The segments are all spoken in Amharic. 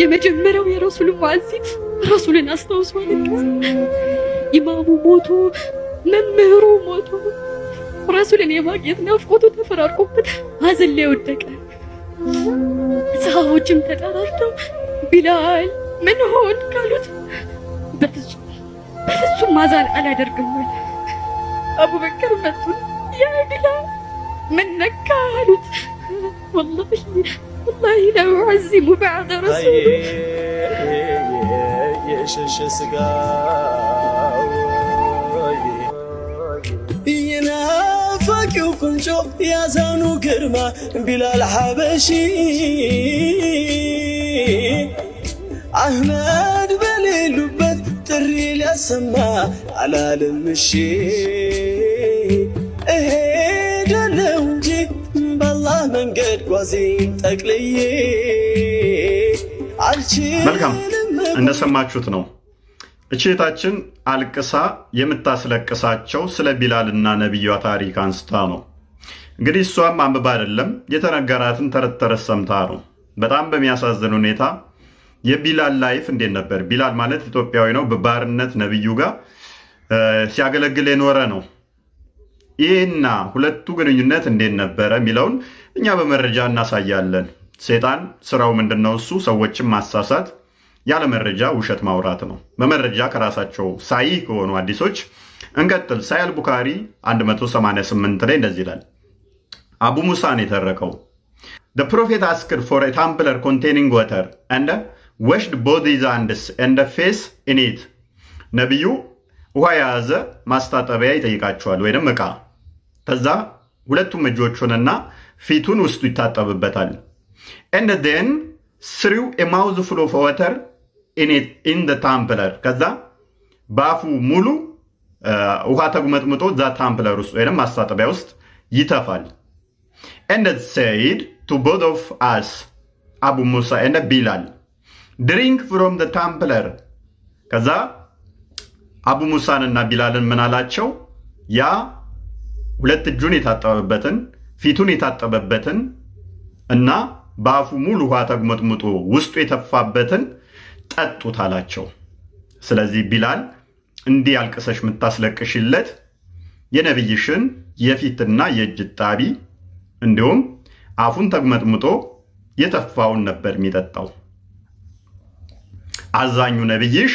የመጀመሪያው የረሱል ሙአዚ ረሱልን አስታውሶ ኢማሙ ሞቶ መምህሩ ሞቶ ረሱልን የማግኘት ናፍቆቱ ተፈራርቆበት ሀዘን ላይ ወደቀ። ሰሃቦችም ተጠራርተው ቢላል ምን ሆን ካሉት በፍጹም በፍጹም ማዛን አላደርግም ወይ አቡበከር መጡን ያ ቢላል ምን ነካ አሉት ወላሂ والله لا أعزم بعد رسولك وكل شوف يا زانو كرمة بلا حبشي أحمد بليل لبت تري لأسما على المشي اهي መንገድ ጓዜን ጠቅልዬ አልችልም። መልካም እንደሰማችሁት ነው። እቼታችን አልቅሳ የምታስለቅሳቸው ስለ ቢላልና ነቢያ ታሪክ አንስታ ነው። እንግዲህ እሷም አንብባ አይደለም የተነገራትን ተረት ተረት ሰምታ ነው። በጣም በሚያሳዝን ሁኔታ የቢላል ላይፍ እንዴት ነበር? ቢላል ማለት ኢትዮጵያዊ ነው። በባርነት ነቢዩ ጋር ሲያገለግል የኖረ ነው። ይህና ሁለቱ ግንኙነት እንዴት ነበረ የሚለውን እኛ በመረጃ እናሳያለን። ሴጣን ስራው ምንድን ነው? እሱ ሰዎችን ማሳሳት፣ ያለ መረጃ ውሸት ማውራት ነው። በመረጃ ከራሳቸው ሳይ ከሆኑ አዲሶች እንቀጥል። ሳይ ቡካሪ 188 ላይ እንደዚህ ይላል። አቡ ሙሳን የተረከው The prophet asked for a tumbler containing water and washed both his hands and face in it ነቢዩ ውሃ የያዘ ማስታጠቢያ ይጠይቃቸዋል ወይም እቃ ከዛ ሁለቱም ሆነና ፊቱን ውስጡ ይታጠብበታል። ኤንድ ዴን ስሪው ኤማውዝ ፍሎ ፈወተር ኢን ታምፕለር ከዛ በአፉ ሙሉ ውሃ ተጉመጥምጦ ዛ ታምፕለር ውስጥ ወይም ማስታጠቢያ ውስጥ ይተፋል። ኤንድ ሰይድ ቱ ቦዝ ኦፍ አስ አቡ ሙሳ ኤንድ ቢላል ድሪንክ ፍሮም ታምፕለር ከዛ አቡ እና ቢላልን ምን አላቸው ያ ሁለት እጁን የታጠበበትን ፊቱን የታጠበበትን እና በአፉ ሙሉ ውሃ ተጉመጥምጦ ውስጡ የተፋበትን ጠጡት አላቸው። ስለዚህ ቢላል እንዲህ ያልቅሰሽ የምታስለቅሽለት የነቢይሽን የፊትና የእጅ ጣቢ እንዲሁም አፉን ተጉመጥምጦ የተፋውን ነበር የሚጠጣው። አዛኙ ነቢይሽ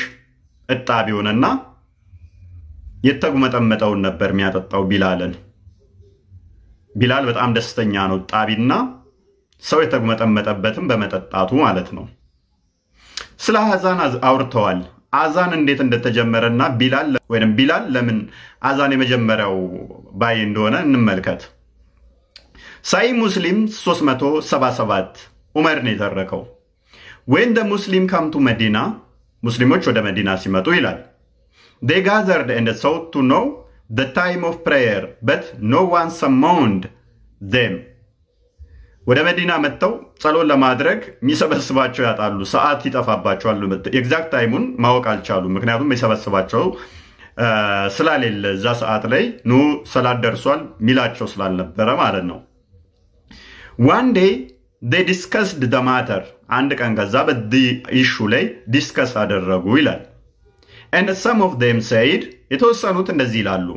እጣቢውንና የተጉመጠመጠውን ነበር የሚያጠጣው ቢላልን። ቢላል በጣም ደስተኛ ነው። ጣቢና ሰው የተመጠመጠበትም በመጠጣቱ ማለት ነው። ስለ አዛን አውርተዋል። አዛን እንዴት እንደተጀመረና ቢላል ወይም ቢላል ለምን አዛን የመጀመሪያው ባይ እንደሆነ እንመልከት። ሳይ ሙስሊም 377 ዑመር ነው የተረከው። ወይን ደ ሙስሊም ካምቱ መዲና፣ ሙስሊሞች ወደ መዲና ሲመጡ ይላል ዴጋዘርድ እንደ ሰውቱ ነው the time of prayer but no one summoned them ወደ መዲና መጥተው ጸሎን ለማድረግ የሚሰበስባቸው ያጣሉ። ሰዓት ይጠፋባቸዋል። ኤግዛክት ታይሙን ማወቅ አልቻሉም። ምክንያቱም የሚሰበስባቸው ስላሌለ እዛ ሰዓት ላይ ኑ ሰላት ደርሷል ሚላቸው ስላልነበረ ማለት ነው። ዋን ዴይ ዴይ ዲስከስድ ደ ማተር አንድ ቀን ከዛ በዚህ ኢሹ ላይ ዲስከስ አደረጉ ይላል። ኤንድ ሰም ኦፍ ዴም ሰይድ የተወሰኑት እንደዚህ ይላሉ።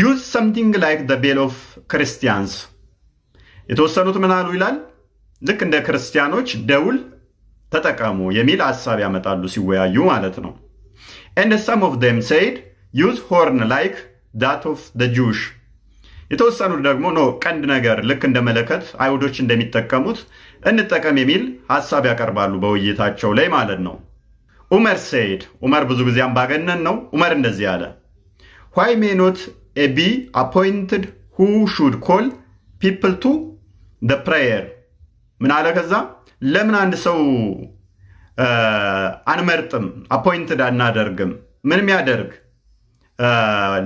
ዩዝ ሰምቲንግ ላይክ ደ ቤል ኦፍ ክርስቲያንስ። የተወሰኑት ምን አሉ ይላል፣ ልክ እንደ ክርስቲያኖች ደውል ተጠቀሙ የሚል ሀሳብ ያመጣሉ ሲወያዩ ማለት ነው። ኤንድ ሰም ኦፍ ደም ሴይድ ዩዝ ሆርን ላይክ ዳት ኦፍ ደ ጁሽ። የተወሰኑት ደግሞ ኖ ቀንድ ነገር ልክ እንደ መለከት አይሁዶች እንደሚጠቀሙት እንጠቀም የሚል ሀሳብ ያቀርባሉ በውይይታቸው ላይ ማለት ነው። ኡመር ሰይድ ኡመር ብዙ ጊዜ አምባገነን ነው። ኡመር እንደዚህ አለ፣ ዋይ ሜ ኖት ቢ አፖይንትድ ሁ ሹድ ኮል ፒፕል ቱ ደ ፕሬየር። ምን አለ ከዛ ለምን አንድ ሰው አንመርጥም? አፖይንትድ አናደርግም? ምን የሚያደርግ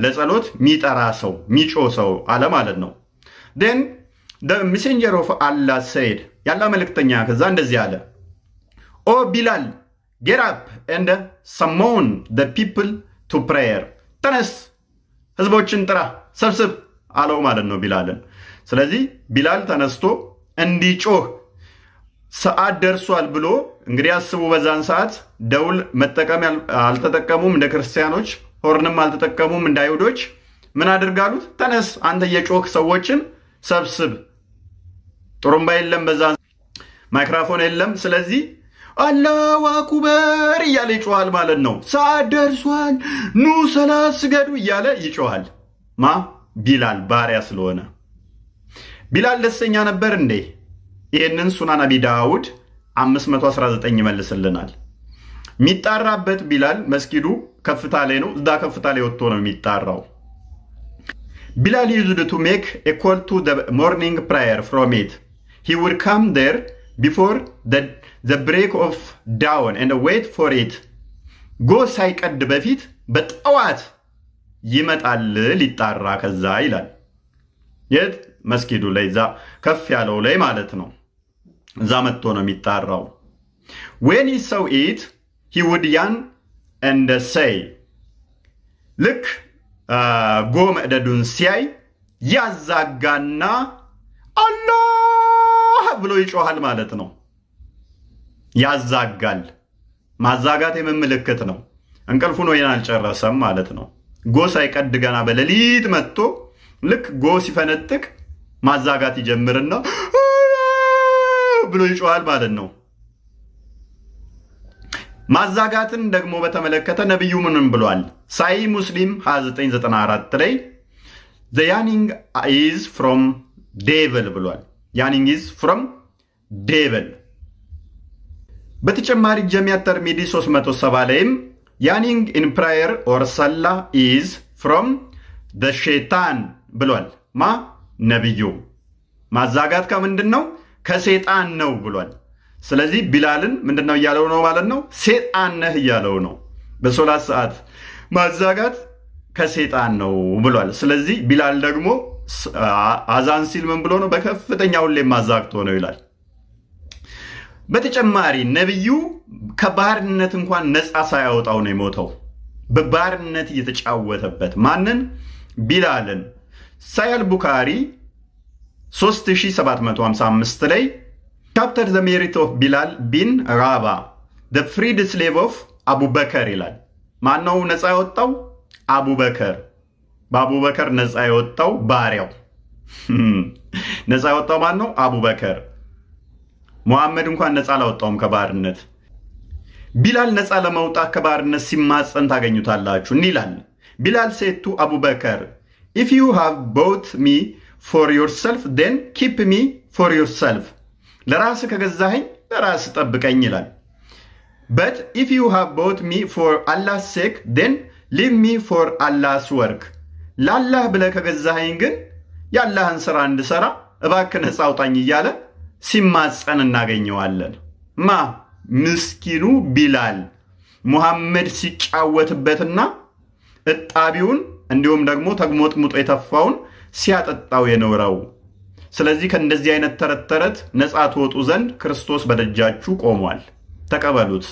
ለጸሎት የሚጠራ ሰው የሚጮ ሰው አለ ማለት ነው። ን ሜሴንጀር ኦፍ አላ ሰይድ ያላ መልእክተኛ ከዛ እንደዚህ አለ ኦ ቢላል ጌት አፕ ኤንድ ሰሞን ዘ ፒፕል ቱ ፕሬየር፣ ተነስ ህዝቦችን ጥራ ሰብስብ አለው ማለት ነው ቢላልን። ስለዚህ ቢላል ተነስቶ እንዲጮህ ሰዓት ደርሷል ብሎ እንግዲህ አስቡ። በዛን ሰዓት ደውል መጠቀም አልተጠቀሙም እንደ ክርስቲያኖች፣ ሆርንም አልተጠቀሙም እንደ አይሁዶች። ምን አድርጋሉት? ተነስ አንተ የጮህ ሰዎችን ሰብስብ። ጥሩምባ የለም፣ በዛ ማይክራፎን የለም። ስለዚህ አላሁ አኩበር እያለ ይጮኋል ማለት ነው። ሰዓት ደርሷል ኑ ሰላት ስገዱ እያለ ይጮኋል። ማ ቢላል ባሪያ ስለሆነ ቢላል ደስተኛ ነበር እንዴ? ይህንን ሱናን አቢ ዳውድ 519 ይመልስልናል። የሚጣራበት ቢላል መስጊዱ ከፍታ ላይ ነው። እዛ ከፍታ ላይ ወጥቶ ነው የሚጣራው። ቢላል ዩዝድ ቱ ሜክ ኤኮል ቱ ሞርኒንግ ፕራየር ፍሮም ኢት ሂ ውድ ካም ዴር ቢፎር ብሬክ ኦፍ ዳውን ኤንድ ዌይት ፎር ኢት ጎ ሳይቀድ በፊት በጠዋት ይመጣል ሊጣራ ከዛ ይላል። የት መስጊዱ ላይ እዛ ከፍ ያለው ላይ ማለት ነው። እዛ መጥቶ ነው የሚጣራው። ዌን ሰው ኢት ሂ ውድ ያን እንደ ሰይ ልክ ጎ መዕደዱን ሲያይ ያዛጋና አላህ ብሎ ይጮሃል ማለት ነው። ያዛጋል። ማዛጋት የምምልክት ነው። እንቅልፉን ወይን አልጨረሰም ማለት ነው። ጎ ሳይቀድ ገና በሌሊት መጥቶ ልክ ጎ ሲፈነጥቅ ማዛጋት ይጀምርና ብሎ ይጮሃል ማለት ነው። ማዛጋትን ደግሞ በተመለከተ ነቢዩ ምንም ብሏል? ሳይ ሙስሊም 2994 ላይ ዘ ያኒንግ ኢዝ ፍሮም ዴቨል ብሏል። ያኒንግ ኢዝ ፍሮም ዴቨል በተጨማሪ ጀሚያተር ሚዲ 370 ላይም ያኒንግ ኢን ፕራየር ኦር ሰላ ኢዝ ፍሮም ደ ሼጣን ብሏል። ማ ነቢዩ ማዛጋት ከምንድን ነው? ከሴጣን ነው ብሏል። ስለዚህ ቢላልን ምንድን ነው እያለው ነው ማለት ነው። ሴጣን ነህ እያለው ነው። በሶላት ሰዓት ማዛጋት ከሴጣን ነው ብሏል። ስለዚህ ቢላል ደግሞ አዛን ሲል ምን ብሎ ነው? በከፍተኛ ሁሌም ማዛግቶ ነው ይላል። በተጨማሪ ነቢዩ ከባህርነት እንኳን ነፃ ሳያወጣው ነው የሞተው። በባህርነት እየተጫወተበት ማንን? ቢላልን። ሳያል ቡካሪ 3755 ላይ ቻፕተር ዘ ሜሪት ኦፍ ቢላል ቢን ራባ ደ ፍሪድ ስሌቭ ኦፍ አቡበከር ይላል። ማነው ነፃ ያወጣው? አቡበከር። በአቡበከር ነፃ የወጣው ባሪያው ነፃ ያወጣው ማን ነው? አቡበከር መሐመድ እንኳን ነፃ አላወጣውም ከባርነት። ቢላል ነፃ ለመውጣት ከባርነት ሲማፀን ታገኙታላችሁ። እንዲህ ይላል ቢላል ሴቱ አቡበከር ኢፍ ዩ ሃቭ ቦት ሚ ፎር ዮርሰልፍ ዴን ኪፕ ሚ ፎር ዮርሰልፍ፣ ለራስ ከገዛኸኝ ለራስ ጠብቀኝ ይላል። በት ኢፍ ዩ ሃቭ ቦት ሚ ፎር አላህ ሴክ ዴን ሊቭ ሚ ፎር አላስ ወርክ፣ ላላህ ብለህ ከገዛኸኝ ግን የአላህን ስራ እንድሰራ እባክህ ነፃ አውጣኝ እያለ ሲማጸን እናገኘዋለን። ማ ምስኪኑ ቢላል ሙሐመድ ሲጫወትበትና እጣቢውን እንዲሁም ደግሞ ተግሞጥሙጦ የተፋውን ሲያጠጣው የኖረው። ስለዚህ ከእንደዚህ አይነት ተረት ተረት ነፃ ትወጡ ዘንድ ክርስቶስ በደጃችሁ ቆሟል። ተቀበሉት።